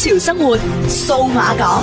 潮生活數碼講，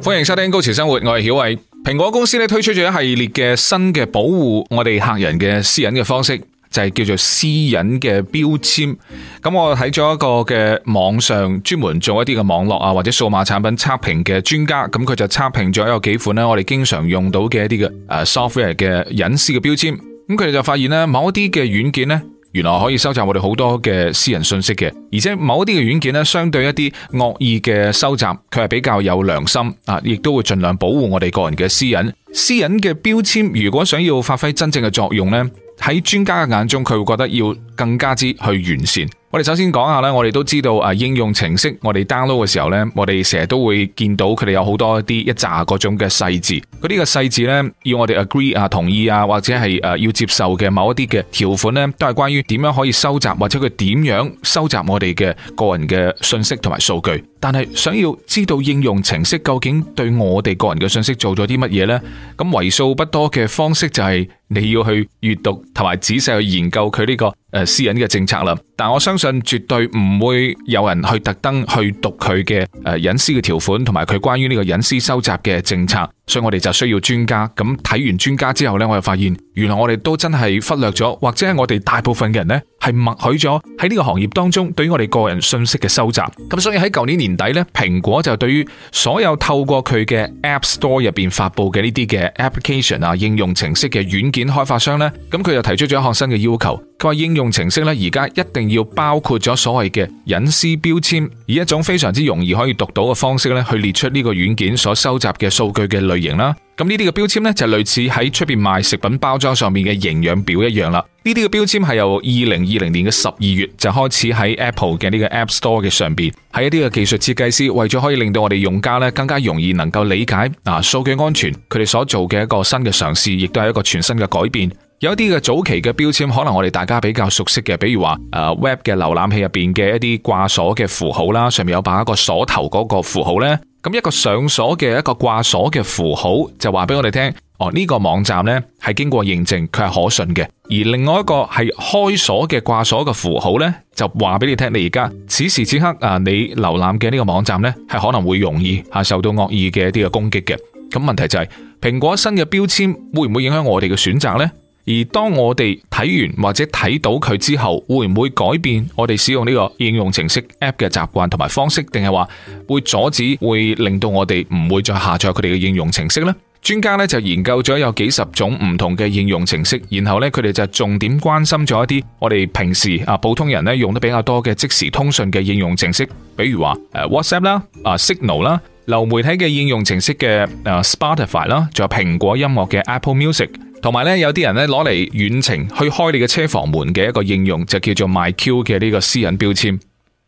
歡迎收聽《高潮生活》。我係曉慧，蘋果公司咧推出咗一系列嘅新嘅保護我哋客人嘅私隱嘅方式，就係叫做私隱嘅標籤。咁我睇咗一個嘅網上專門做一啲嘅網絡啊或者數碼產品測評嘅專家，咁佢就測評咗有幾款咧，我哋經常用到嘅一啲嘅誒 software 嘅隱私嘅標籤。咁佢哋就發現咧，某一啲嘅軟件咧。原來可以收集我哋好多嘅私人信息嘅，而且某一啲嘅軟件呢，相對一啲惡意嘅收集，佢係比較有良心啊，亦都會盡量保護我哋個人嘅私隱。私隱嘅標籤，如果想要發揮真正嘅作用呢，喺專家嘅眼中，佢會覺得要。更加之去完善。我哋首先講下咧，我哋都知道誒、啊，應用程式我哋 download 嘅時候咧，我哋成日都會見到佢哋有好多啲一紮嗰種嘅細節。嗰啲嘅細節咧，要我哋 agree 啊，同意啊，或者係誒、啊、要接受嘅某一啲嘅條款咧，都係關於點樣可以收集或者佢點樣收集我哋嘅個人嘅信息同埋數據。但係想要知道應用程式究竟對我哋個人嘅信息做咗啲乜嘢咧，咁為數不多嘅方式就係你要去閱讀同埋仔細去研究佢呢個。誒私隱嘅政策啦。但我相信絕對唔會有人去特登去讀佢嘅誒隱私嘅條款，同埋佢關於呢個隱私收集嘅政策。所以我哋就需要專家。咁睇完專家之後咧，我又發現原來我哋都真係忽略咗，或者係我哋大部分嘅人咧，係默許咗喺呢個行業當中對於我哋個人信息嘅收集。咁所以喺舊年年底咧，蘋果就對於所有透過佢嘅 App Store 入邊發佈嘅呢啲嘅 application 啊應用程式嘅軟件開發商咧，咁佢又提出咗一項新嘅要求。佢話應用程式咧，而家一定要包括咗所謂嘅隱私標籤，以一種非常之容易可以讀到嘅方式咧，去列出呢個軟件所收集嘅數據嘅類型啦。咁呢啲嘅標籤咧，就類似喺出邊賣食品包裝上面嘅營養表一樣啦。呢啲嘅標籤係由二零二零年嘅十二月就開始喺 Apple 嘅呢個 App Store 嘅上邊，喺一啲嘅技術設計師為咗可以令到我哋用家咧更加容易能夠理解嗱數據安全，佢哋所做嘅一個新嘅嘗試，亦都係一個全新嘅改變。有一啲嘅早期嘅標籤，可能我哋大家比較熟悉嘅，比如話誒、呃，Web 嘅瀏覽器入邊嘅一啲掛鎖嘅符號啦，上面有把一個鎖頭嗰個符號咧，咁一個上鎖嘅一個掛鎖嘅符號就話俾我哋聽，哦呢、這個網站咧係經過認證，佢係可信嘅；而另外一個係開鎖嘅掛鎖嘅符號咧，就話俾你聽，你而家此時此刻啊、呃，你瀏覽嘅呢個網站咧係可能會容易吓受到惡意嘅一啲嘅攻擊嘅。咁問題就係、是、蘋果新嘅標籤會唔會影響我哋嘅選擇咧？而當我哋睇完或者睇到佢之後，會唔會改變我哋使用呢個應用程式 App 嘅習慣同埋方式，定係話會阻止、會令到我哋唔會再下載佢哋嘅應用程式呢？專家咧就研究咗有幾十種唔同嘅應用程式，然後咧佢哋就重點關心咗一啲我哋平時啊普通人咧用得比較多嘅即時通訊嘅應用程式，比如話 WhatsApp 啦、啊 Signal 啦、流媒體嘅應用程式嘅 Spotify 啦，仲有蘋果音樂嘅 Apple Music。同埋咧，有啲人咧攞嚟遠程去開你嘅車房門嘅一個應用，就叫做 MyQ 嘅呢個私隱標籤。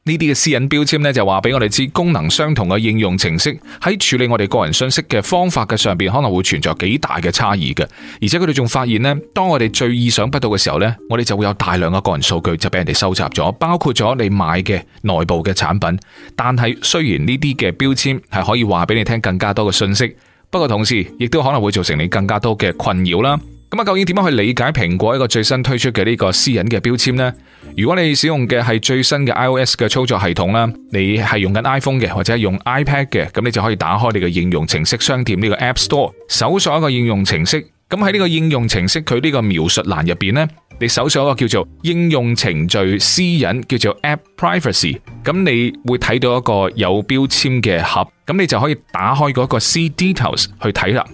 呢啲嘅私隱標籤咧，就話俾我哋知，功能相同嘅應用程式喺處理我哋個人信息嘅方法嘅上邊，可能會存在幾大嘅差異嘅。而且佢哋仲發現呢，當我哋最意想不到嘅時候呢，我哋就會有大量嘅個人數據就俾人哋收集咗，包括咗你買嘅內部嘅產品。但係雖然呢啲嘅標籤係可以話俾你聽更加多嘅信息。不過同時，亦都可能會造成你更加多嘅困擾啦。咁啊，究竟點樣去理解蘋果一個最新推出嘅呢個私隱嘅標籤呢？如果你使用嘅係最新嘅 iOS 嘅操作系統啦，你係用緊 iPhone 嘅，或者係用 iPad 嘅，咁你就可以打開你嘅應用程式商店呢個 App Store，搜索一個應用程式。咁喺呢個應用程式佢呢個描述欄入邊呢，你搜索一個叫做應用程序私隱，叫做 App Privacy，咁你會睇到一個有標籤嘅盒，咁你就可以打開嗰個 See Details 去睇啦。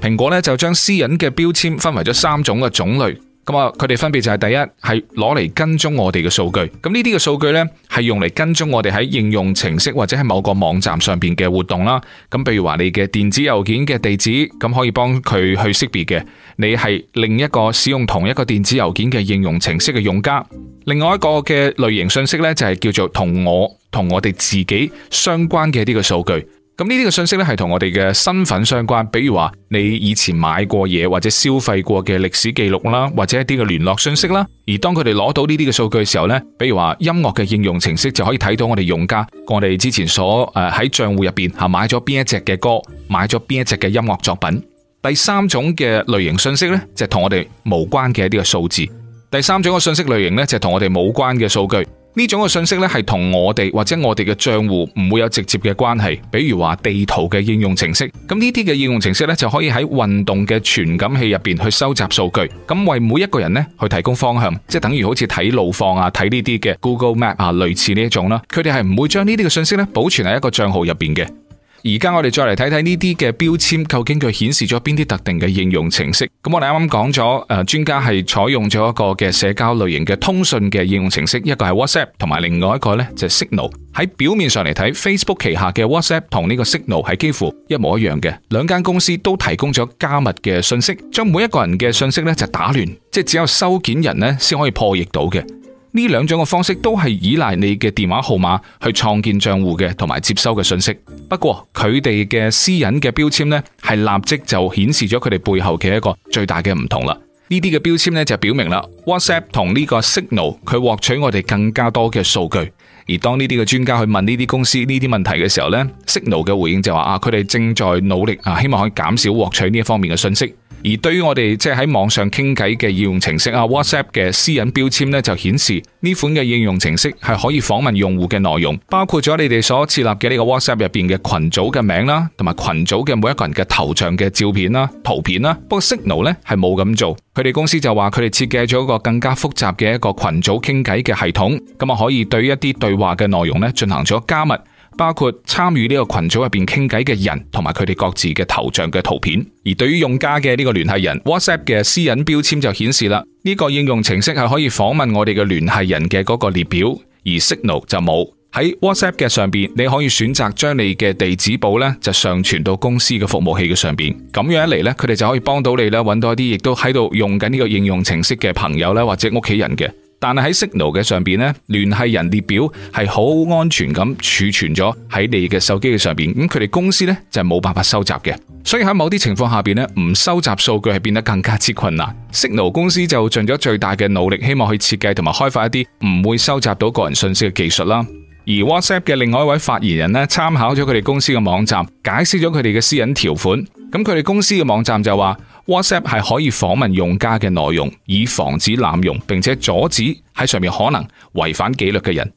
蘋果咧就將私隱嘅標籤分為咗三種嘅種類。咁啊，佢哋分別就係，第一係攞嚟跟蹤我哋嘅數據。咁呢啲嘅數據呢，係用嚟跟蹤我哋喺應用程式或者喺某個網站上邊嘅活動啦。咁，譬如話你嘅電子郵件嘅地址，咁可以幫佢去識別嘅你係另一個使用同一個電子郵件嘅應用程式嘅用家。另外一個嘅類型信息呢，就係叫做同我同我哋自己相關嘅呢個數據。咁呢啲嘅信息咧，係同我哋嘅身份相關，比如話你以前買過嘢，或者消費過嘅歷史記錄啦，或者一啲嘅聯絡信息啦。而當佢哋攞到呢啲嘅數據嘅時候咧，比如話音樂嘅應用程式就可以睇到我哋用家，我哋之前所誒喺賬戶入邊吓買咗邊一隻嘅歌，買咗邊一隻嘅音樂作品。第三種嘅類型信息咧，就係同我哋無關嘅一啲嘅數字。第三種嘅信息類型咧，就係同我哋無關嘅數據。呢種嘅信息，咧係同我哋或者我哋嘅賬戶唔會有直接嘅關係，比如話地圖嘅應用程式，咁呢啲嘅應用程式就可以喺運動嘅傳感器入面去收集數據，咁為每一個人去提供方向，即等於好似睇路況啊、睇呢啲嘅 Google Map 啊類似呢一種啦，佢哋係唔會將呢啲嘅信息咧保存喺一個賬號入面嘅。而家我哋再嚟睇睇呢啲嘅標籤，究竟佢顯示咗邊啲特定嘅應用程式。咁我哋啱啱講咗，誒，專家係採用咗一個嘅社交類型嘅通訊嘅應用程式，一個係 WhatsApp，同埋另外一個咧就係 Signal。喺表面上嚟睇，Facebook 旗下嘅 WhatsApp 同呢個 Signal 係幾乎一模一樣嘅，兩間公司都提供咗加密嘅信息，將每一個人嘅信息咧就打亂，即係只有收件人咧先可以破譯到嘅。呢兩種嘅方式都係依賴你嘅電話號碼去創建帳戶嘅同埋接收嘅信息。不過佢哋嘅私隱嘅標籤呢，係立即就顯示咗佢哋背後嘅一個最大嘅唔同啦。呢啲嘅標籤呢，就表明啦，WhatsApp 同呢個 Signal 佢獲取我哋更加多嘅數據。而當呢啲嘅專家去問呢啲公司呢啲問題嘅時候呢，Signal 嘅回應就話啊，佢哋正在努力啊，希望可以減少獲取呢一方面嘅信息。而對於我哋即係喺網上傾偈嘅應用程式啊，WhatsApp 嘅私隱標籤呢，就顯示呢款嘅應用程式係可以訪問用戶嘅內容，包括咗你哋所設立嘅呢個 WhatsApp 入邊嘅群組嘅名啦，同埋群組嘅每一個人嘅頭像嘅照片啦、圖片啦。不過 Signal 呢係冇咁做，佢哋公司就話佢哋設計咗一個更加複雜嘅一個群組傾偈嘅系統，咁啊可以對一啲對話嘅內容呢進行咗加密。包括參與呢個群組入邊傾偈嘅人，同埋佢哋各自嘅頭像嘅圖片。而對於用家嘅呢個聯繫人，WhatsApp 嘅私隱標籤就顯示啦。呢個應用程式係可以訪問我哋嘅聯繫人嘅嗰個列表，而 Signal 就冇。喺 WhatsApp 嘅上邊，你可以選擇將你嘅地址簿咧就上傳到公司嘅服務器嘅上邊。咁樣一嚟咧，佢哋就可以幫到你啦，揾到一啲亦都喺度用緊呢個應用程式嘅朋友咧，或者屋企人嘅。但係喺 Signal 嘅上邊咧，聯繫人列表係好安全咁儲存咗喺你嘅手機嘅上邊，咁佢哋公司呢就冇辦法收集嘅，所以喺某啲情況下邊咧，唔收集數據係變得更加之困難。Signal 公司就盡咗最大嘅努力，希望去設計同埋開發一啲唔會收集到個人信息嘅技術啦。而 WhatsApp 嘅另外一位發言人呢，參考咗佢哋公司嘅網站，解釋咗佢哋嘅私隱條款。咁佢哋公司嘅網站就話。WhatsApp 係可以訪問用家嘅內容，以防止濫用並且阻止喺上面可能違反紀律嘅人。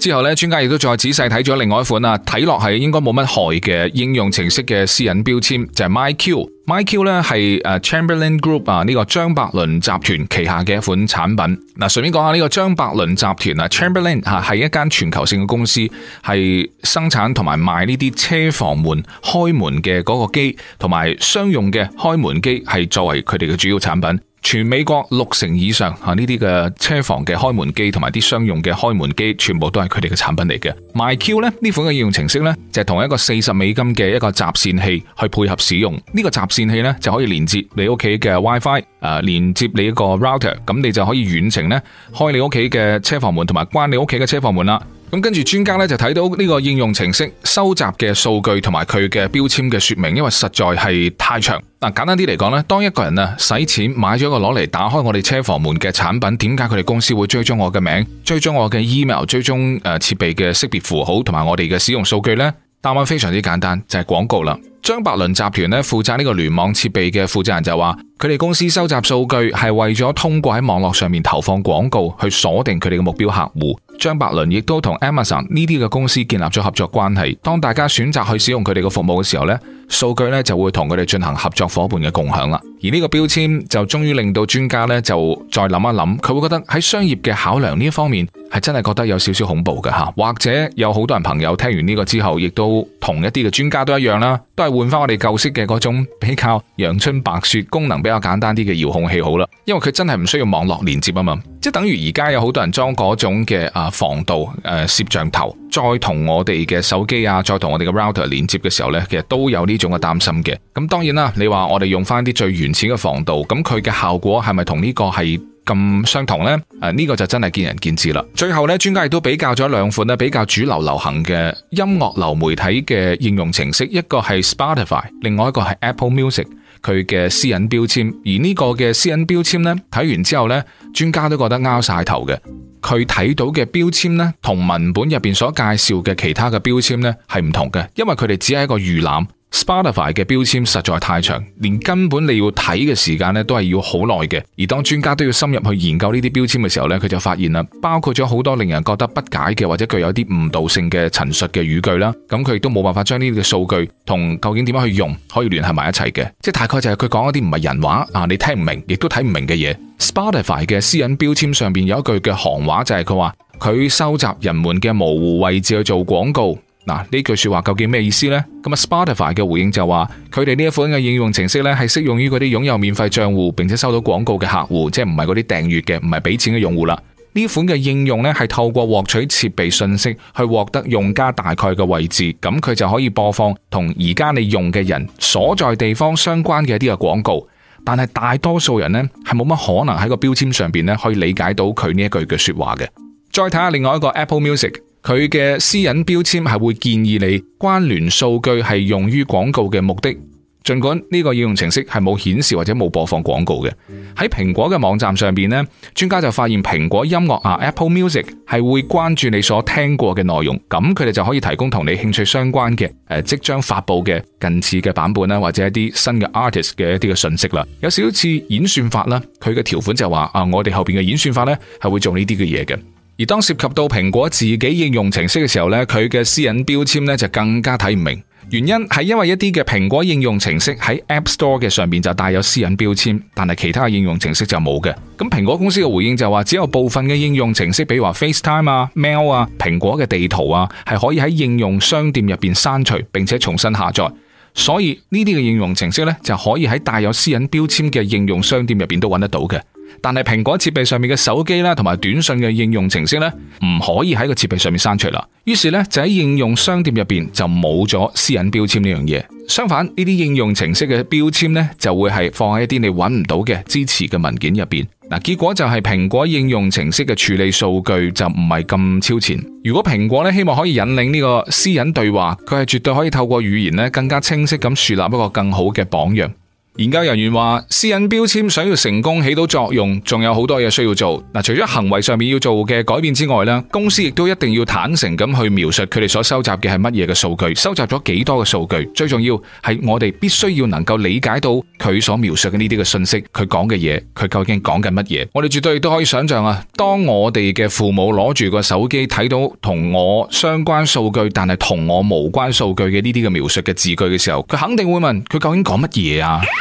之後咧，專家亦都再仔細睇咗另外一款啊，睇落係應該冇乜害嘅應用程式嘅私隱標籤，就係 MyQ。MyQ 咧係誒 Chamberlain Group 啊，呢個張伯倫集團旗下嘅一款產品。嗱，順便講下呢個張伯倫集團啊，Chamberlain 吓係一間全球性嘅公司，係生產同埋賣呢啲車房門開門嘅嗰個機，同埋商用嘅開門機係作為佢哋嘅主要產品。全美國六成以上啊呢啲嘅車房嘅開門機同埋啲商用嘅開門機，全部都係佢哋嘅產品嚟嘅。MyQ 咧呢款嘅應用程式呢，就係、是、同一個四十美金嘅一個集線器去配合使用。呢、這個集線器呢，就可以連接你屋企嘅 WiFi，誒、啊、連接你一個 router，咁你就可以遠程呢，開你屋企嘅車房門同埋關你屋企嘅車房門啦。咁跟住專家咧就睇到呢個應用程式收集嘅數據同埋佢嘅標籤嘅說明，因為實在係太長。嗱，簡單啲嚟講呢，當一個人啊使錢買咗個攞嚟打開我哋車房門嘅產品，點解佢哋公司會追蹤我嘅名、追蹤我嘅 email、追蹤誒設備嘅識別符號同埋我哋嘅使用數據呢？答案非常之簡單，就係廣告啦。張伯倫集團咧負責呢個聯網設備嘅負責人就話，佢哋公司收集數據係為咗通過喺網絡上面投放廣告去鎖定佢哋嘅目標客戶。張伯倫亦都同 Amazon 呢啲嘅公司建立咗合作關係。當大家選擇去使用佢哋嘅服務嘅時候呢，數據呢就會同佢哋進行合作夥伴嘅共享啦。而呢個標籤就終於令到專家呢就再諗一諗，佢會覺得喺商業嘅考量，呢一方面係真係覺得有少少恐怖嘅吓。或者有好多人朋友聽完呢個之後，亦都同一啲嘅專家都一樣啦，都係換翻我哋舊式嘅嗰種比較陽春白雪、功能比較簡單啲嘅遙控器好啦，因為佢真係唔需要網絡連接啊嘛，即等於而家有好多人裝嗰種嘅啊。防盜誒，攝像頭再同我哋嘅手機啊，再同我哋嘅 router 連接嘅時候呢，其實都有呢種嘅擔心嘅。咁當然啦，你話我哋用翻啲最原始嘅防盜，咁佢嘅效果係咪同呢個係咁相同呢？誒，呢個就真係見仁見智啦。最後呢，專家亦都比較咗兩款呢，比較主流流行嘅音樂流媒體嘅應用程式，一個係 Spotify，另外一個係 Apple Music。佢嘅私隱標籤，而呢個嘅私隱標籤呢，睇完之後呢，專家都覺得拗晒頭嘅。佢睇到嘅標籤呢，同文本入邊所介紹嘅其他嘅標籤呢，係唔同嘅，因為佢哋只係一個預覽。Spotify 嘅標籤實在太長，連根本你要睇嘅時間咧都係要好耐嘅。而當專家都要深入去研究呢啲標籤嘅時候呢，佢就發現啦，包括咗好多令人覺得不解嘅或者具有一啲誤導性嘅陳述嘅語句啦。咁佢亦都冇辦法將呢啲嘅數據同究竟點樣去用可以聯繫埋一齊嘅。即係大概就係佢講一啲唔係人話啊，你聽唔明，亦都睇唔明嘅嘢。Spotify 嘅私隱標籤上邊有一句嘅行話，就係佢話佢收集人們嘅模糊位置去做廣告。嗱，呢句說話究竟咩意思呢？咁啊，Spotify 嘅回應就話，佢哋呢一款嘅應用程式咧，係適用於嗰啲擁有免費賬戶並且收到廣告嘅客戶，即係唔係嗰啲訂閱嘅、唔係俾錢嘅用戶啦。呢款嘅應用咧，係透過獲取設備信息去獲得用家大概嘅位置，咁佢就可以播放同而家你用嘅人所在地方相關嘅一啲嘅廣告。但係大多數人呢，係冇乜可能喺個標籤上邊咧可以理解到佢呢一句嘅說話嘅。再睇下另外一個 Apple Music。佢嘅私隱標籤係會建議你關聯數據係用於廣告嘅目的，儘管呢個應用程式係冇顯示或者冇播放廣告嘅。喺蘋果嘅網站上邊呢，專家就發現蘋果音樂啊 Apple Music 係會關注你所聽過嘅內容，咁佢哋就可以提供同你興趣相關嘅誒即將發佈嘅近似嘅版本啦，或者一啲新嘅 artist 嘅一啲嘅信息啦。有少少似演算法啦，佢嘅條款就係話啊，我哋後邊嘅演算法呢，係會做呢啲嘅嘢嘅。而當涉及到蘋果自己應用程式嘅時候咧，佢嘅私隱標籤咧就更加睇唔明。原因係因為一啲嘅蘋果應用程式喺 App Store 嘅上邊就帶有私隱標籤，但係其他應用程式就冇嘅。咁蘋果公司嘅回應就話，只有部分嘅應用程式，比如話 FaceTime 啊、Mail 啊、蘋果嘅地圖啊，係可以喺應用商店入邊刪除並且重新下載。所以呢啲嘅應用程式咧就可以喺帶有私隱標籤嘅應用商店入邊都揾得到嘅。但係蘋果設備上面嘅手機啦，同埋短信嘅應用程式咧，唔可以喺個設備上面刪除啦。於是咧就喺應用商店入邊就冇咗私隱標籤呢樣嘢。相反呢啲應用程式嘅標籤咧就會係放喺一啲你揾唔到嘅支持嘅文件入邊。嗱，結果就係蘋果應用程式嘅處理數據就唔係咁超前。如果蘋果咧希望可以引領呢個私隱對話，佢係絕對可以透過語言咧更加清晰咁樹立一個更好嘅榜樣。研究人員話，私隱標籤想要成功起到作用，仲有好多嘢需要做嗱。除咗行為上面要做嘅改變之外咧，公司亦都一定要坦誠咁去描述佢哋所收集嘅係乜嘢嘅數據，收集咗幾多嘅數據。最重要係我哋必須要能夠理解到佢所描述嘅呢啲嘅信息，佢講嘅嘢，佢究竟講緊乜嘢？我哋絕對都可以想象啊，當我哋嘅父母攞住個手機睇到同我相關數據，但係同我無關數據嘅呢啲嘅描述嘅字句嘅時候，佢肯定會問佢究竟講乜嘢啊？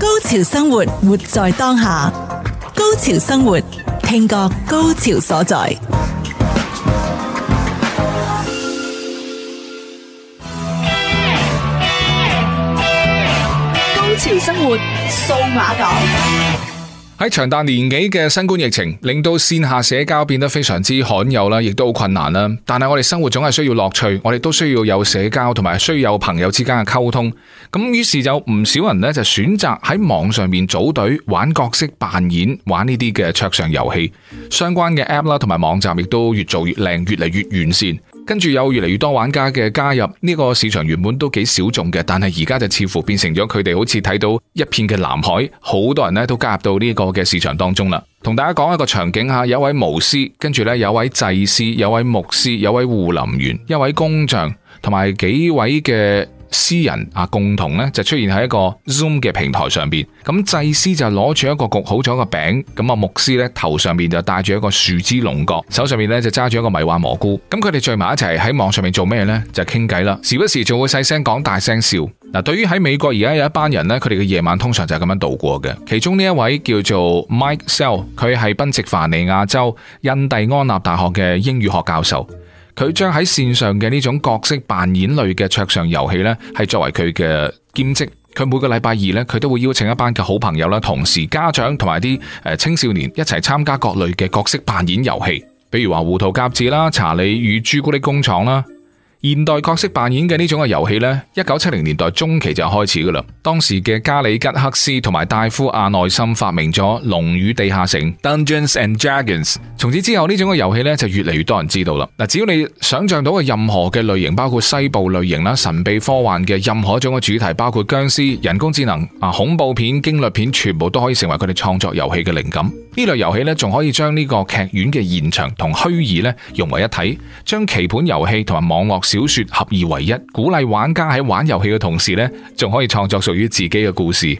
高潮生活，活在當下。高潮生活，聽覺高潮所在。高潮生活，數碼港。喺長達年紀嘅新冠疫情，令到線下社交變得非常之罕有啦，亦都好困難啦。但係我哋生活總係需要樂趣，我哋都需要有社交，同埋需要有朋友之間嘅溝通。咁於是有唔少人呢，就選擇喺網上面組隊玩角色扮演，玩呢啲嘅桌上遊戲。相關嘅 App 啦，同埋網站亦都越做越靚，越嚟越完善。跟住有越嚟越多玩家嘅加入，呢個市場原本都幾小眾嘅，但係而家就似乎變成咗佢哋好似睇到一片嘅藍海，好多人咧都加入到呢個嘅市場當中啦。同大家講一個場景吓，有一位巫師，跟住咧有位祭司，有位牧師，有位護林員，一位工匠，同埋幾位嘅。私人啊，共同咧就出現喺一個 Zoom 嘅平台上邊，咁祭司就攞住一個焗好咗個餅，咁啊牧師咧頭上面就戴住一個樹枝龍角，手上面咧就揸住一個迷幻蘑菇，咁佢哋聚埋一齊喺網上面做咩呢？就傾偈啦，時不時仲會細聲講，大聲笑。嗱，對於喺美國而家有一班人咧，佢哋嘅夜晚通常就係咁樣度過嘅。其中呢一位叫做 Mike Sell，佢係賓夕凡尼亞州印第安納大學嘅英語學教授。佢將喺線上嘅呢種角色扮演類嘅桌上遊戲呢，係作為佢嘅兼職。佢每個禮拜二呢，佢都會邀請一班嘅好朋友啦、同時、家長同埋啲誒青少年一齊參加各類嘅角色扮演遊戲，比如話《胡桃夾子》啦、《查理與朱古力工廠》啦。現代角色扮演嘅呢種嘅遊戲咧，一九七零年代中期就開始噶啦。當時嘅加里吉克斯同埋戴夫阿內森發明咗《龍與地下城》（Dungeons and Dragons）。從此之後，呢種嘅遊戲咧就越嚟越多人知道啦。嗱，只要你想象到嘅任何嘅類型，包括西部類型啦、神秘科幻嘅任何種嘅主題，包括僵屍、人工智能、啊恐怖片、驚栗片，全部都可以成為佢哋創作遊戲嘅靈感。呢類遊戲呢，仲可以將呢個劇院嘅現場同虛擬呢融為一體，將棋盤遊戲同埋網絡小說合二為一，鼓勵玩家喺玩遊戲嘅同時呢，仲可以創作屬於自己嘅故事。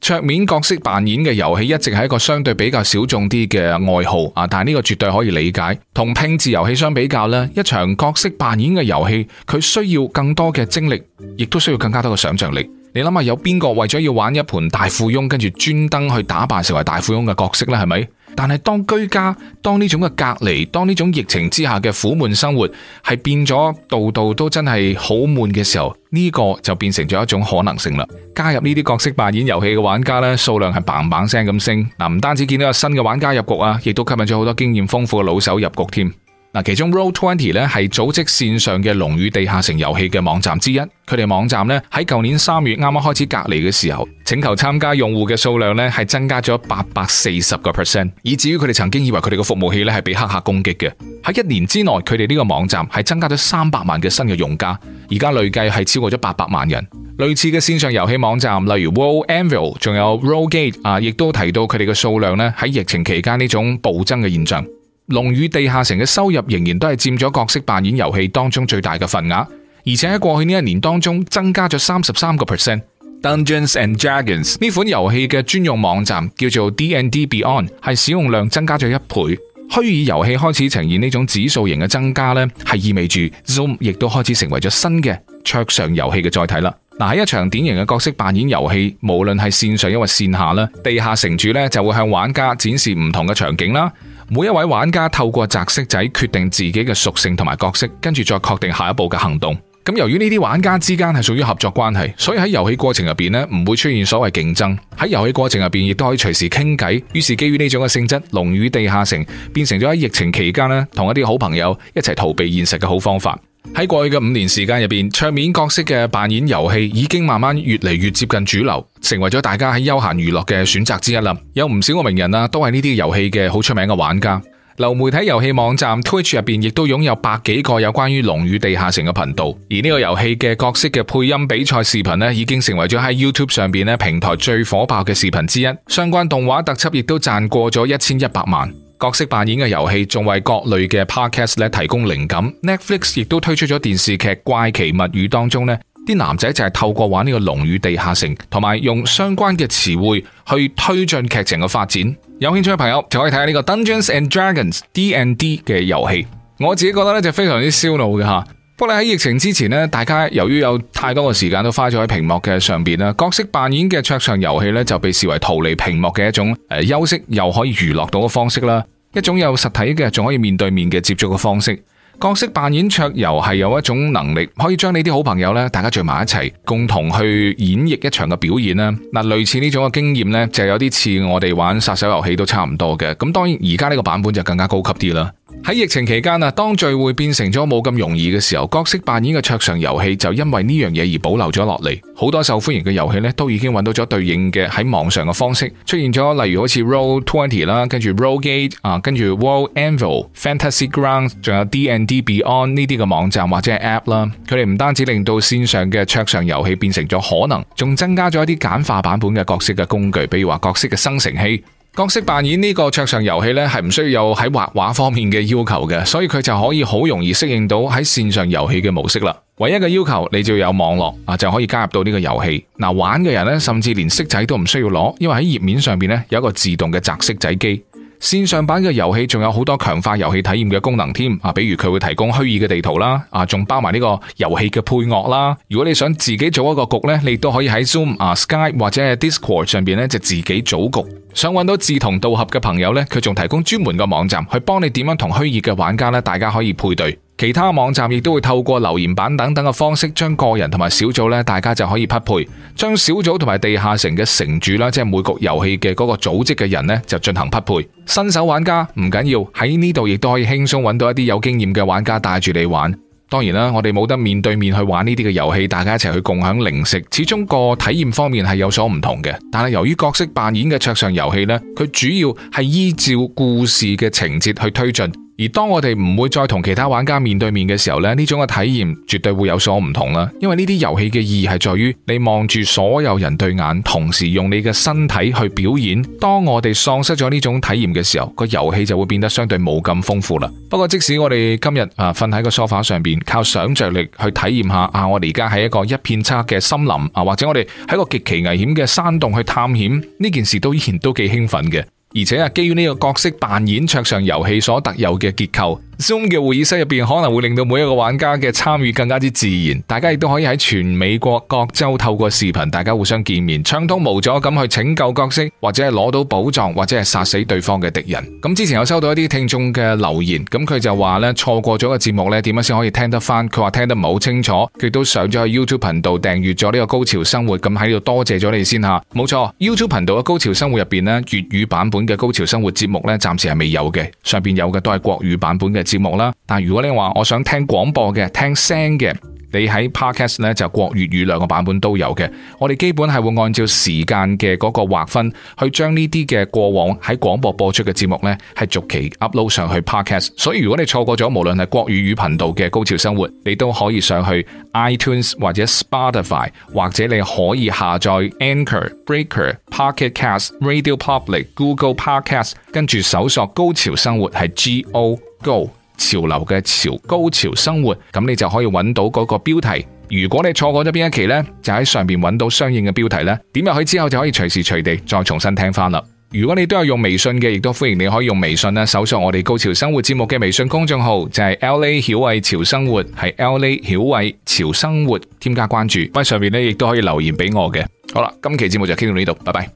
桌面角色扮演嘅遊戲一直係一個相對比較小眾啲嘅愛好啊，但係呢個絕對可以理解。同拼字遊戲相比較呢，一場角色扮演嘅遊戲，佢需要更多嘅精力，亦都需要更加多嘅想象力。你諗下，有邊個為咗要玩一盤大富翁，跟住專登去打扮成為大富翁嘅角色呢？係咪？但係當居家，當呢種嘅隔離，當呢種疫情之下嘅苦悶生活，係變咗度度都真係好悶嘅時候，呢個就變成咗一種可能性啦。加入呢啲角色扮演遊戲嘅玩家呢，數量係棒棒聲咁升，嗱，唔單止見到有新嘅玩家入局啊，亦都吸引咗好多經驗豐富嘅老手入局添。嗱，其中 Roll20 咧係組織線上嘅龍與地下城遊戲嘅網站之一。佢哋網站咧喺舊年三月啱啱開始隔離嘅時候，請求參加用戶嘅數量咧係增加咗八百四十個 percent，以至於佢哋曾經以為佢哋個服務器咧係被黑客攻擊嘅。喺一年之內，佢哋呢個網站係增加咗三百萬嘅新嘅用家，而家累計係超過咗八百萬人。類似嘅線上遊戲網站，例如 World Anvil，仲有 Rolegate 啊，亦都提到佢哋嘅數量咧喺疫情期間呢種暴增嘅現象。《龍與地下城》嘅收入仍然都係佔咗角色扮演遊戲當中最大嘅份額，而且喺過去呢一年當中增加咗三十三個 percent。《Dungeons and Dragons》呢款遊戲嘅專用網站叫做 D&D Beyond，係使用量增加咗一倍。虛擬遊戲開始呈現呢種指數型嘅增加呢，係意味住 Zoom 亦都開始成為咗新嘅桌上遊戲嘅載體啦。嗱，喺一場典型嘅角色扮演遊戲，無論係線上抑或線下呢，地下城主呢就會向玩家展示唔同嘅場景啦。每一位玩家透過擲色仔決定自己嘅屬性同埋角色，跟住再確定下一步嘅行動。咁由於呢啲玩家之間係屬於合作關係，所以喺遊戲過程入邊呢，唔會出現所謂競爭。喺遊戲過程入邊亦都可以隨時傾偈。於是基於呢種嘅性質，《龍與地下城》變成咗喺疫情期間呢，同一啲好朋友一齊逃避現實嘅好方法。喺過去嘅五年時間入面，桌面角色嘅扮演遊戲已經慢慢越嚟越接近主流，成為咗大家喺休閒娛樂嘅選擇之一啦。有唔少個名人啊，都係呢啲遊戲嘅好出名嘅玩家。流媒體遊戲網站 Twitch 入面亦都擁有百幾個有關於《龍與地下城》嘅頻道，而呢個遊戲嘅角色嘅配音比賽視頻呢，已經成為咗喺 YouTube 上面呢平台最火爆嘅視頻之一。相關動畫特輯亦都賺過咗一千一百萬。角色扮演嘅遊戲仲為各類嘅 podcast 咧提供靈感，Netflix 亦都推出咗電視劇《怪奇物語》，當中呢啲男仔就係透過玩呢個龍與地下城，同埋用相關嘅詞彙去推進劇情嘅發展。有興趣嘅朋友就可以睇下呢個 Dungeons and Dragons D&D 嘅遊戲，我自己覺得咧就非常之燒腦嘅吓。不過喺疫情之前咧，大家由於有太多嘅時間都花咗喺屏幕嘅上邊啦，角色扮演嘅桌上遊戲咧就被視為逃離屏幕嘅一種誒休息又可以娛樂到嘅方式啦，一種有實體嘅仲可以面對面嘅接觸嘅方式。角色扮演桌遊係有一種能力，可以將你啲好朋友咧，大家聚埋一齊，共同去演繹一場嘅表演啦。嗱，類似呢種嘅經驗咧，就有啲似我哋玩殺手遊戲都差唔多嘅。咁當然而家呢個版本就更加高級啲啦。喺疫情期間啊，當聚會變成咗冇咁容易嘅時候，角色扮演嘅桌上遊戲就因為呢樣嘢而保留咗落嚟。好多受歡迎嘅遊戲呢，都已經揾到咗對應嘅喺網上嘅方式出現咗，例如好似 Roll 20啦，跟住 Roll Gate 啊，跟住 World Anvil Fantasy Ground，仲有 D and D Beyond 呢啲嘅網站或者係 App 啦。佢哋唔單止令到線上嘅桌上遊戲變成咗可能，仲增加咗一啲簡化版本嘅角色嘅工具，比如話角色嘅生成器。角色扮演呢個桌上遊戲呢，係唔需要有喺畫畫方面嘅要求嘅，所以佢就可以好容易適應到喺綫上遊戲嘅模式啦。唯一嘅要求，你就要有網絡啊，就可以加入到呢個遊戲。嗱，玩嘅人呢，甚至連骰仔都唔需要攞，因為喺頁面上面呢，有一個自動嘅擲骰仔機。線上版嘅遊戲仲有好多強化遊戲體驗嘅功能添啊，比如佢會提供虛擬嘅地圖啦，啊，仲包埋呢個遊戲嘅配樂啦。如果你想自己組一個局呢，你都可以喺 Zoom 啊、Skype 或者係 Discord 上邊呢，就自己組局。想搵到志同道合嘅朋友呢，佢仲提供專門嘅網站去幫你點樣同虛擬嘅玩家呢，大家可以配對。其他網站亦都會透過留言板等等嘅方式，將個人同埋小組呢，大家就可以匹配，將小組同埋地下城嘅城主啦，即係每局遊戲嘅嗰個組織嘅人呢，就進行匹配。新手玩家唔緊要，喺呢度亦都可以輕鬆揾到一啲有經驗嘅玩家帶住你玩。當然啦，我哋冇得面對面去玩呢啲嘅遊戲，大家一齊去共享零食，始終個體驗方面係有所唔同嘅。但係由於角色扮演嘅桌上遊戲呢，佢主要係依照故事嘅情節去推進。而當我哋唔會再同其他玩家面對面嘅時候咧，呢種嘅體驗絕對會有所唔同啦。因為呢啲遊戲嘅意義係在於你望住所有人對眼，同時用你嘅身體去表演。當我哋喪失咗呢種體驗嘅時候，個遊戲就會變得相對冇咁豐富啦。不過即使我哋今日啊瞓喺個 sofa 上邊，靠想像力去體驗下啊，我哋而家喺一個一片漆黑嘅森林啊，或者我哋喺個極其危險嘅山洞去探險，呢件事都依然都幾興奮嘅。而且啊，基於呢個角色扮演桌上遊戲所特有嘅結構。Zoom 嘅會議室入邊可能會令到每一個玩家嘅參與更加之自然，大家亦都可以喺全美國各州透過視頻，大家互相見面，暢通無阻咁去拯救角色，或者係攞到寶藏，或者係殺死對方嘅敵人。咁之前有收到一啲聽眾嘅留言，咁佢就話呢錯過咗個節目呢，點樣先可以聽得返？佢話聽得唔好清楚，佢都上咗去 YouTube 頻道訂閱咗呢個高潮生活，咁喺度多謝咗你先嚇。冇錯，YouTube 頻道嘅高潮生活入邊呢，粵語版本嘅高潮生活節目呢，暫時係未有嘅，上邊有嘅都係國語版本嘅。節目啦，但如果你話我想聽廣播嘅，聽聲嘅，你喺 Podcast 咧，就國粵語兩個版本都有嘅。我哋基本係會按照時間嘅嗰個劃分，去將呢啲嘅過往喺廣播播出嘅節目呢，係逐期 upload 上去 Podcast。所以如果你錯過咗，無論係國粵語頻道嘅高潮生活，你都可以上去 iTunes 或者 Spotify，或者你可以下載 Anchor、Breaker、Pocket Cast、Radio Public、Google Podcast，跟住搜索高潮生活係 GO GO。潮流嘅潮高潮生活，咁你就可以揾到嗰個標題。如果你錯過咗邊一期呢，就喺上面揾到相應嘅標題呢。點入去之後就可以隨時隨地再重新聽翻啦。如果你都有用微信嘅，亦都歡迎你可以用微信啦。搜索我哋高潮生活節目嘅微信公眾號，就係 LA 曉慧潮生活，係 LA 曉慧潮生活，添加關注。喺上面呢，亦都可以留言俾我嘅。好啦，今期節目就傾到呢度，拜拜。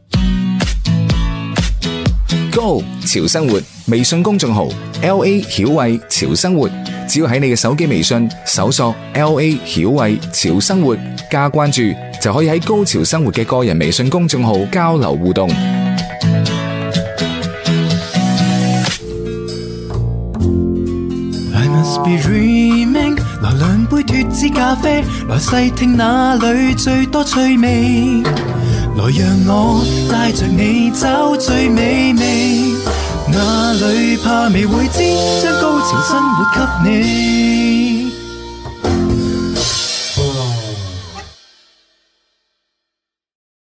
高潮生活微信公眾號。L A 曉慧潮生活，只要喺你嘅手機微信搜索 L A 曉慧潮生活加關注，就可以喺高潮生活嘅個人微信公眾號交流互動。I must be dreaming，來兩杯脫脂咖啡，來細聽哪裏最多趣味，來讓我帶着你找最美味。哪裏怕未會知，將高潮生活給你。